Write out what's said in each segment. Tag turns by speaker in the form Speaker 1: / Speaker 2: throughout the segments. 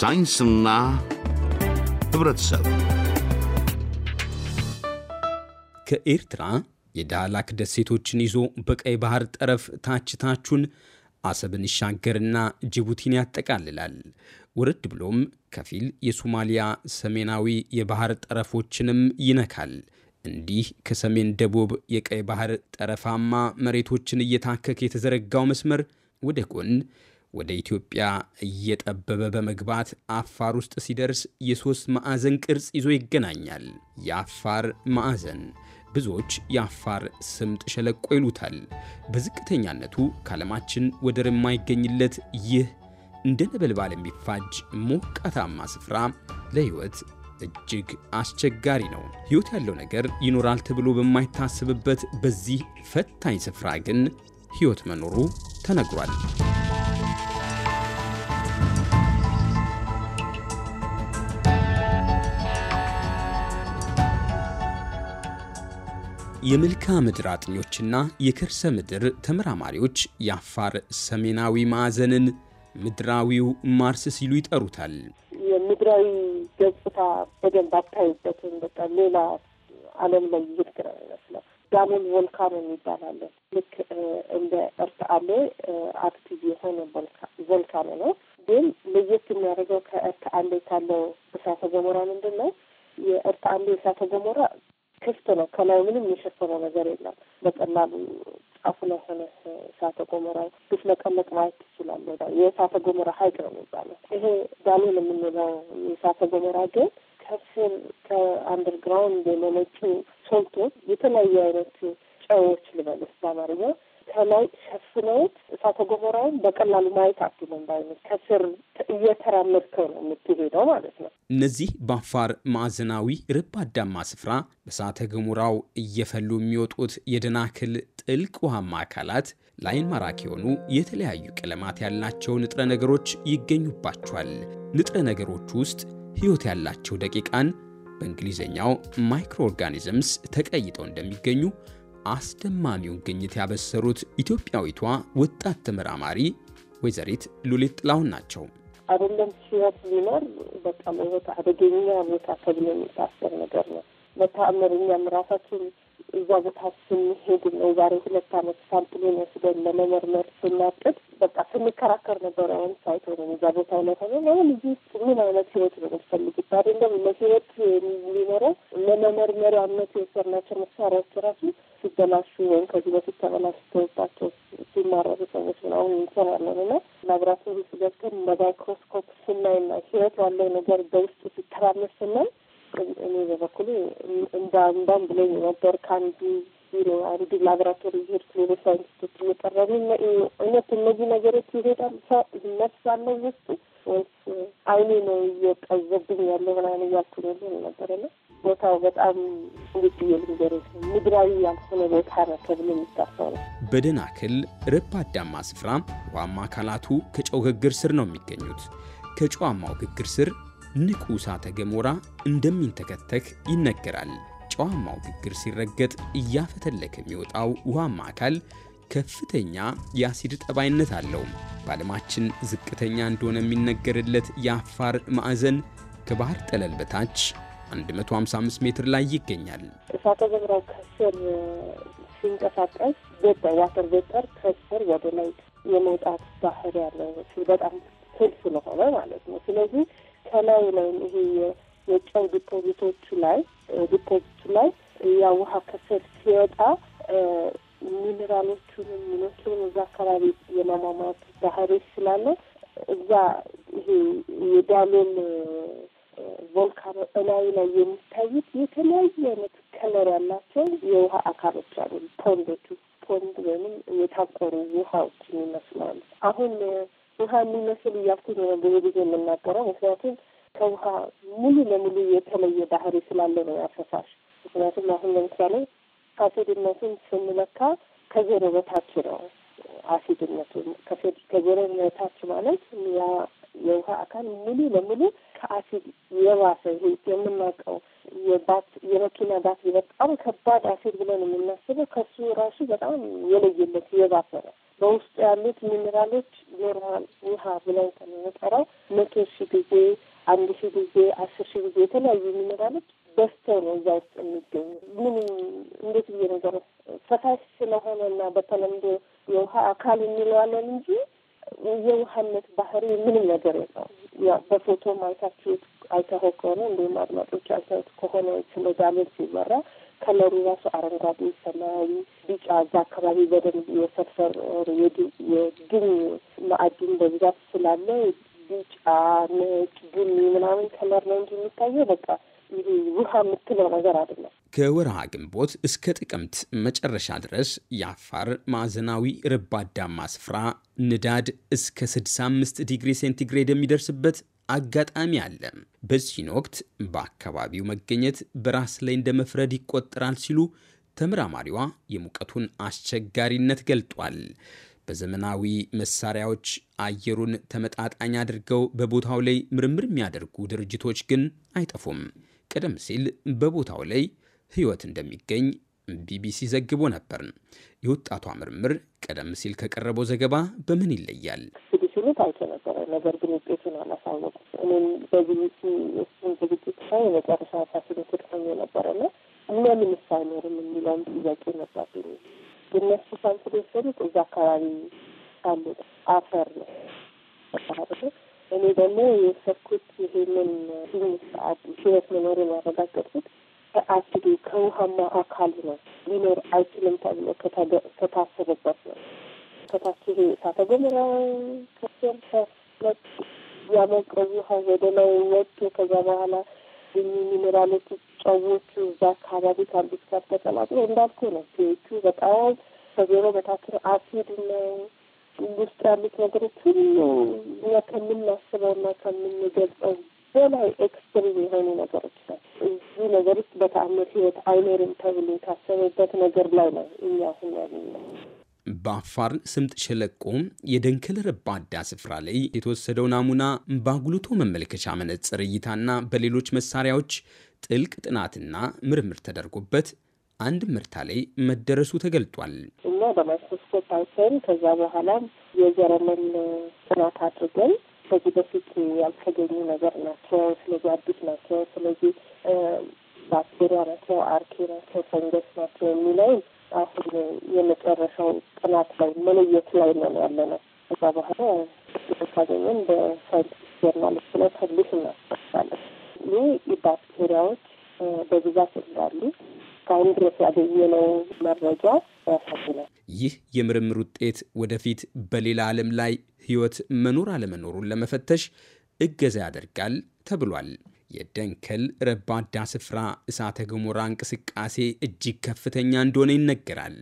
Speaker 1: ሳይንስና ህብረተሰብ ከኤርትራ የዳህላክ ደሴቶችን ይዞ በቀይ ባህር ጠረፍ ታችታቹን አሰብን ይሻገርና ጅቡቲን ያጠቃልላል። ውርድ ብሎም ከፊል የሶማሊያ ሰሜናዊ የባህር ጠረፎችንም ይነካል። እንዲህ ከሰሜን ደቡብ የቀይ ባህር ጠረፋማ መሬቶችን እየታከከ የተዘረጋው መስመር ወደ ጎን ወደ ኢትዮጵያ እየጠበበ በመግባት አፋር ውስጥ ሲደርስ የሦስት ማዕዘን ቅርጽ ይዞ ይገናኛል። የአፋር ማዕዘን ብዙዎች የአፋር ስምጥ ሸለቆ ይሉታል። በዝቅተኛነቱ ከዓለማችን ወደር የማይገኝለት ይህ እንደ ነበልባል የሚፋጅ ሞቃታማ ስፍራ ለሕይወት እጅግ አስቸጋሪ ነው። ሕይወት ያለው ነገር ይኖራል ተብሎ በማይታሰብበት በዚህ ፈታኝ ስፍራ ግን ሕይወት መኖሩ ተነግሯል። የመልክዓ ምድር አጥኞችና የከርሰ ምድር ተመራማሪዎች የአፋር ሰሜናዊ ማዕዘንን ምድራዊው ማርስ ሲሉ ይጠሩታል።
Speaker 2: የምድራዊ ገጽታ በደንብ አታዩበትም። በቃ ሌላ ዓለም ላይ ይሄድ ግራ ይመስላል። ዳሞን ቮልካኖ የሚባላለ ልክ እንደ እርስ አለ አክቲቭ የሆነ ቮልካኖ ነው። ግን ለየት የሚያደርገው ከእርስ አለ ካለው እሳተ ገሞራ ምንድን ነው? የእርስ አለ እሳተ ገሞራ ክፍት ነው። ከላይ ምንም የሸፈነው ነገር የለም። በቀላሉ ጫፉ ላይ ሆነ እሳተ ገሞራ ብትመቀመቅ ማየት ትችላለህ። የእሳተ ገሞራ ሀይቅ ነው የሚባለው። ይሄ ዳሎን የምንለው የእሳተ ገሞራ ግን ከስር ከአንደርግራውንድ የመነጩ ሶልቶት የተለያዩ አይነት ጨዎች ልበለስ በአማርኛ ከላይ ሸፍነውት እሳተ ገሞራውን በቀላሉ ማየት አትሉም። ባይነት ከስር እየተራመድከው ነው የምትሄደው ማለት ነው።
Speaker 1: እነዚህ በአፋር ማዕዘናዊ ረባዳማ ስፍራ በእሳተ ገሞራው እየፈሉ የሚወጡት የደናክል ጥልቅ ውሃማ አካላት ለአይን ማራኪ የሆኑ የተለያዩ ቀለማት ያላቸው ንጥረ ነገሮች ይገኙባቸዋል። ንጥረ ነገሮች ውስጥ ሕይወት ያላቸው ደቂቃን በእንግሊዝኛው ማይክሮኦርጋኒዝምስ ተቀይጠው እንደሚገኙ አስደማሚውን ግኝት ያበሰሩት ኢትዮጵያዊቷ ወጣት ተመራማሪ ወይዘሪት ሉሊት ጥላሁን ናቸው።
Speaker 2: አይደለም ሕይወት ቢኖር በጣም ሕይወት አደገኛ ቦታ ተብሎ የሚታሰብ ነገር ነው። መተአምር እኛም ራሳችን እዛ ቦታ ስንሄድ ነው ዛሬ ሁለት ዓመት ሳምፕሉን ወስደን ለመመርመር ስናቅድ ስንከራከር ነበር። አሁን ሳይት ሆነ እዛ ቦታ ላይ ሆነ አሁን እዚህ ውስጥ ምን አይነት ህይወት ነው የምትፈልግባት? አይደለም ለህይወት የሚኖረው ለመመርመሪያነት የወሰድናቸው መሳሪያዎች ራሱ ሲበላሹ ወይም ከዚህ በፊት ተበላሽተውባቸው ሲማረሩ ሰዎች ምናምን እንሰራለን እና ላብራቶሪ ውስጥ ገብተን በማይክሮስኮፕ ስናይና ህይወት ያለው ነገር በውስጡ ሲተራመስ ስናይ እኔ በበኩሌ እንዳንዳን ብለኝ ነበር ከአንዱ ነው አንዱ ላብራቶሪ ሄድ ሌሎች ሳይንቲስቶች እየቀረቡ እውነት እነዚህ ነገሮች ይሄዳል ይነሳለው ውስጡ ወይስ አይኔ ነው እየቀዘብኝ ያለ ምናምን እያልኩ ነው ነበር እና ቦታው በጣም እንግዲህ የልንገሮች ምድራዊ ያልሆነ ቦታ ነው ተብሎ የሚታሰው ነው።
Speaker 1: በደናክል ረባዳማ ስፍራ ውሃማ አካላቱ ከጨው ግግር ስር ነው የሚገኙት። ከጨዋማው ግግር ስር ንቁ እሳተ ገሞራ እንደሚንተከተክ ይነገራል። በጨዋማው ግግር ሲረገጥ እያፈተለከ የሚወጣው ውሃማ አካል ከፍተኛ የአሲድ ጠባይነት አለው። በዓለማችን ዝቅተኛ እንደሆነ የሚነገርለት የአፋር ማዕዘን ከባህር ጠለል በታች 155 ሜትር ላይ ይገኛል።
Speaker 2: እሳተ ገሞራ ከስር ሲንቀሳቀስ ቤጠ ዋተር ቤጠር ከስር ወደ ላይ የመውጣት ባህር ያለው በጣም ስል ስለሆነ ማለት ነው። ስለዚህ ከላይ ላይ ይሄ የጨው ዲፖዚቶቹ ላይ ዲፖዚቱ ላይ ያ ውሃ ከስር ሲወጣ ሚኔራሎቹንም ምኖቹንም እዛ አካባቢ የማሟሟት ባህሪ ስላለ እዛ ይሄ የዳሎል ቮልካኖ እላዩ ላይ የሚታዩት የተለያዩ አይነት ከለር ያላቸው የውሃ አካሎች አሉ። ፖንዶቹ ፖንድ ወይም የታቆሩ ውሃዎችን ይመስላሉ። አሁን ውሃ የሚመስል እያልኩኝ ብዙ ጊዜ የምናገረው ምክንያቱም ከውሃ ሙሉ ለሙሉ የተለየ ባህሪ ስላለው ነው ያፈሳሽ። ምክንያቱም አሁን ለምሳሌ አሲድነቱን ስንለካ ከዜሮ በታች ነው። አሲድነቱ። ከዜሮ በታች ማለት ያ የውሃ አካል ሙሉ ለሙሉ ከአሲድ የባሰ የምናውቀው የባት የመኪና ባት በጣም ከባድ አሲድ ብለን የምናስበው ከሱ ራሱ በጣም የለየለት የባሰ ነው። በውስጡ ያሉት ሚኔራሎች ኖርማል ውሃ ብለን ከምንጠራው መቶ ሺ ጊዜ አንድ ሺህ ጊዜ አስር ሺህ ጊዜ የተለያዩ ሚነራሎች በስተው ነው እዛ ውስጥ የሚገኙ። ምንም እንዴት ብዬ ነገር ፈሳሽ ስለሆነ እና በተለምዶ የውሃ አካል የሚለዋለን እንጂ የውሃነት ባህሪ ምንም ነገር የለው። ያው በፎቶ ማይታችሁት አይተኸው ከሆነ እንዲሁም አድማጮች አይተኸው ከሆነ ስለ ዳመን ሲወራ ከለሩ ራሱ አረንጓዴ፣ ሰማያዊ፣ ቢጫ እዛ አካባቢ በደንብ የሰልፈር የድኝ ማዕድን በብዛት ስላለ ቢጫ፣ ነጭ፣ ቡኒ ምናምን ከለር ነው እንጂ የሚታየው በቃ ይሄ ውሃ የምትለው ነገር አይደለም።
Speaker 1: ከወርሃ ግንቦት እስከ ጥቅምት መጨረሻ ድረስ የአፋር ማዕዘናዊ ረባዳማ ስፍራ ንዳድ እስከ 65 ዲግሪ ሴንቲግሬድ የሚደርስበት አጋጣሚ አለ። በዚህን ወቅት በአካባቢው መገኘት በራስ ላይ እንደ መፍረድ ይቆጠራል ሲሉ ተመራማሪዋ የሙቀቱን አስቸጋሪነት ገልጧል። በዘመናዊ መሳሪያዎች አየሩን ተመጣጣኝ አድርገው በቦታው ላይ ምርምር የሚያደርጉ ድርጅቶች ግን አይጠፉም። ቀደም ሲል በቦታው ላይ ሕይወት እንደሚገኝ ቢቢሲ ዘግቦ ነበር። የወጣቷ ምርምር ቀደም ሲል ከቀረበው ዘገባ በምን ይለያል?
Speaker 2: ሲሉ ታይቶ ነበረ። ነገር ግን ውጤቱን አላሳወቁ። እኔም በቢቢሲ እሱን ዝግጅት ላይ የመጨረሻ ሳስሎ ነበረ ነበረና ለምን ሳይኖርም የሚለውን ጥያቄ ነበር። የሚያስተሳንሱት የወሰዱት እዛ አካባቢ ካሉ አፈር ነው እኔ ደግሞ የወሰድኩት ይሄንን ህይወት መኖሩን ያረጋገጥኩት ከአስዱ ከውሃማ አካል ነው ሊኖር አይችልም ተብሎ ከታሰበበት ነው። ከታች ይሄ እሳተ ገሞራ ከሰል ያሞቀው ውሃ ወደ ላይ ወጡ። ከዛ በኋላ ሚኒራሎች ጨዎቹ እዛ አካባቢ ካሉት ጋር ተቀላቅሎ እንዳልኩ ነው። ቤቹ በጣም ከዜሮ በታች አሲድ ነው ውስጥ ያሉት ነገሮች ሁሉ እኛ ከምናስበው ከምናስበውና ከምንገልጸው በላይ ኤክስትሪም የሆኑ ነገሮች ነው። እዚህ ነገር ውስጥ በተአምር ህይወት አይኖርም ተብሎ የታሰበበት ነገር ላይ ነው እኛ ሁን ያለ
Speaker 1: በአፋር ስምጥ ሸለቆ የደንከል ረባዳ ስፍራ ላይ የተወሰደው ናሙና በአጉልቶ መመልከቻ መነጽር እይታና በሌሎች መሳሪያዎች ጥልቅ ጥናትና ምርምር ተደርጎበት አንድ ምርታ ላይ መደረሱ ተገልጧል
Speaker 2: እና በማይክሮስኮፕ አይተን ከዛ በኋላ የዘረመን ጥናት አድርገን ከዚህ በፊት ያልተገኙ ነገር ናቸው። ስለዚህ አዲስ ናቸው። ስለዚህ ባክቴሪያ ናቸው፣ አርኬ ናቸው፣ ፈንገስ ናቸው የሚለውን አሁን የመጨረሻው ጥናት ላይ መለየት ላይ ነው ያለ ነው። እዛ በኋላ የተካገኘን በሳይንቲስት ጀርናል ስለ ፐብሊሽ እናስፈሳለን። ይህ ባክቴሪያዎች በብዛት እንዳሉ እስካሁን ድረስ ያገኘነው መረጃ ያሳዝናል።
Speaker 1: ይህ የምርምር ውጤት ወደፊት በሌላ ዓለም ላይ ህይወት መኖር አለመኖሩን ለመፈተሽ እገዛ ያደርጋል ተብሏል። የደንከል ረባዳ ስፍራ እሳተ ገሞራ እንቅስቃሴ እጅግ ከፍተኛ እንደሆነ ይነገራል።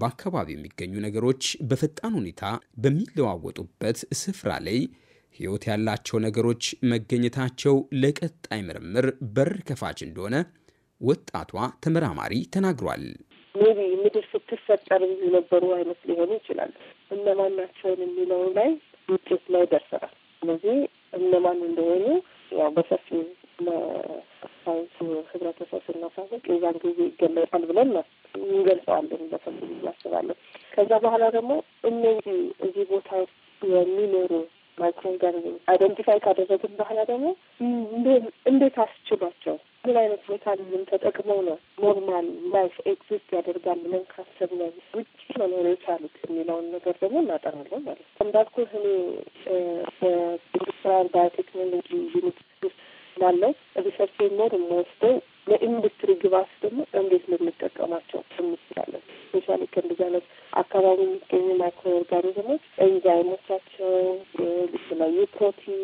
Speaker 1: በአካባቢው የሚገኙ ነገሮች በፈጣን ሁኔታ በሚለዋወጡበት ስፍራ ላይ ሕይወት ያላቸው ነገሮች መገኘታቸው ለቀጣይ ምርምር በር ከፋች እንደሆነ ወጣቷ ተመራማሪ ተናግሯል።
Speaker 2: ሜቢ ምድር ስትፈጠር የነበሩ አይነት ሊሆኑ ይችላል። እነማን ናቸውን የሚለው ላይ ውጤት ላይ ደርሰናል። ስለዚህ እነማን እንደሆኑ ያው በሰፊው ብለን እንገልጸዋለን በሰሙም እያስባለን። ከዛ በኋላ ደግሞ እነዚህ እዚህ ቦታ የሚኖሩ ማይክሮ አይደንቲፋይ ካደረግን በኋላ ደግሞ እንዴት አስችሏቸው ምን አይነት ሜካኒዝም ተጠቅመው ነው ኖርማል ላይፍ ኤግዚስት ያደርጋል ብለን ካሰብነ ውጭ መኖር የቻሉት የሚለውን ነገር ደግሞ እናጠናለን ማለት ነው። እንዳልኩ እኔ በኢንዱስትሪያል ባዮቴክኖሎጂ ዩኒቨርሲቲ ውስጥ ላለው ሪሰርች ሞር የምወስደው ለኢንዱስትሪ ግባስ ደግሞ እንዴት ልንጠቀማቸው እንችላለን? ስፔሻሊ ከእንደዚህ አይነት አካባቢ የሚገኙ ማይክሮ ኦርጋኒዝሞች ኤንዛይሞቻቸው፣ የተለያዩ ፕሮቲን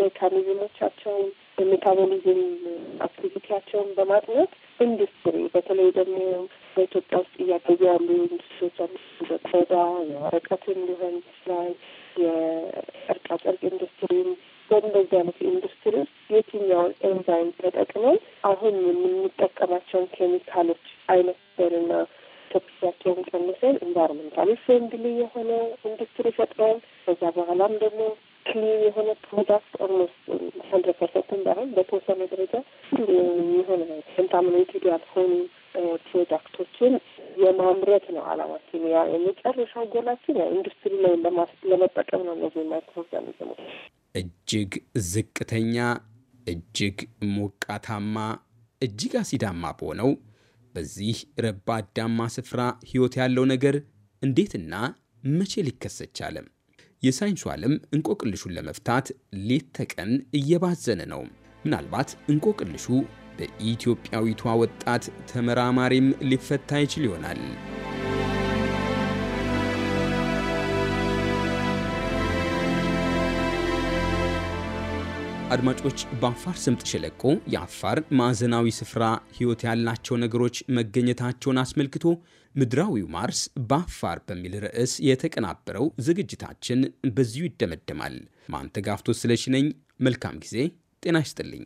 Speaker 2: ሜካኒዝሞቻቸውን፣ የሜታቦሊዝም አክቲቪቲያቸውን በማጥናት ኢንዱስትሪ በተለይ ደግሞ በኢትዮጵያ ውስጥ እያገዙ ያሉ ኢንዱስትሪዎች አሉ። እንደ ቆዳ፣ የወረቀትን ሊሆን ይችላል የጨርቃጨርቅ ኢንዱስትሪም በእንደዚህ አይነት ኢንዱስትሪ ውስጥ የትኛውን ኤንዛይም ተጠቅመን አሁን የምንጠቀማቸውን ኬሚካሎች አይነትንና ተክሳቸውን ቀንሰን ኢንቫይሮመንታሊ ፍሬንድሊ የሆነ ኢንዱስትሪ ፈጥረን ከዛ በኋላም ደግሞ ክሊን የሆነ ፕሮዳክት ኦልሞስት ሀንድረድ ፐርሰንትን ባይሆን በተወሰነ ደረጃ የሆነ ኮንታሚኔትድ ያልሆኑ ፕሮዳክቶችን uh, የማምረት ነው አላማችን። የመጨረሻው ጎላችን ኢንዱስትሪ ላይ ለመጠቀም ነው እነዚህ ማይክሮኦርጋኒዝሞች።
Speaker 1: እጅግ ዝቅተኛ፣ እጅግ ሞቃታማ፣ እጅግ አሲዳማ በሆነው በዚህ ረባዳማ ስፍራ ሕይወት ያለው ነገር እንዴትና መቼ ሊከሰት ቻለ? የሳይንሱ ዓለም እንቆቅልሹን ለመፍታት ሌት ተቀን እየባዘነ ነው። ምናልባት እንቆቅልሹ በኢትዮጵያዊቷ ወጣት ተመራማሪም ሊፈታ ይችል ይሆናል። አድማጮች በአፋር ስምጥ ሸለቆ የአፋር ማዕዘናዊ ስፍራ ሕይወት ያላቸው ነገሮች መገኘታቸውን አስመልክቶ ምድራዊው ማርስ በአፋር በሚል ርዕስ የተቀናበረው ዝግጅታችን በዚሁ ይደመደማል። ማንተጋፍቶ ስለሽነኝ መልካም ጊዜ። ጤና ይስጥልኝ።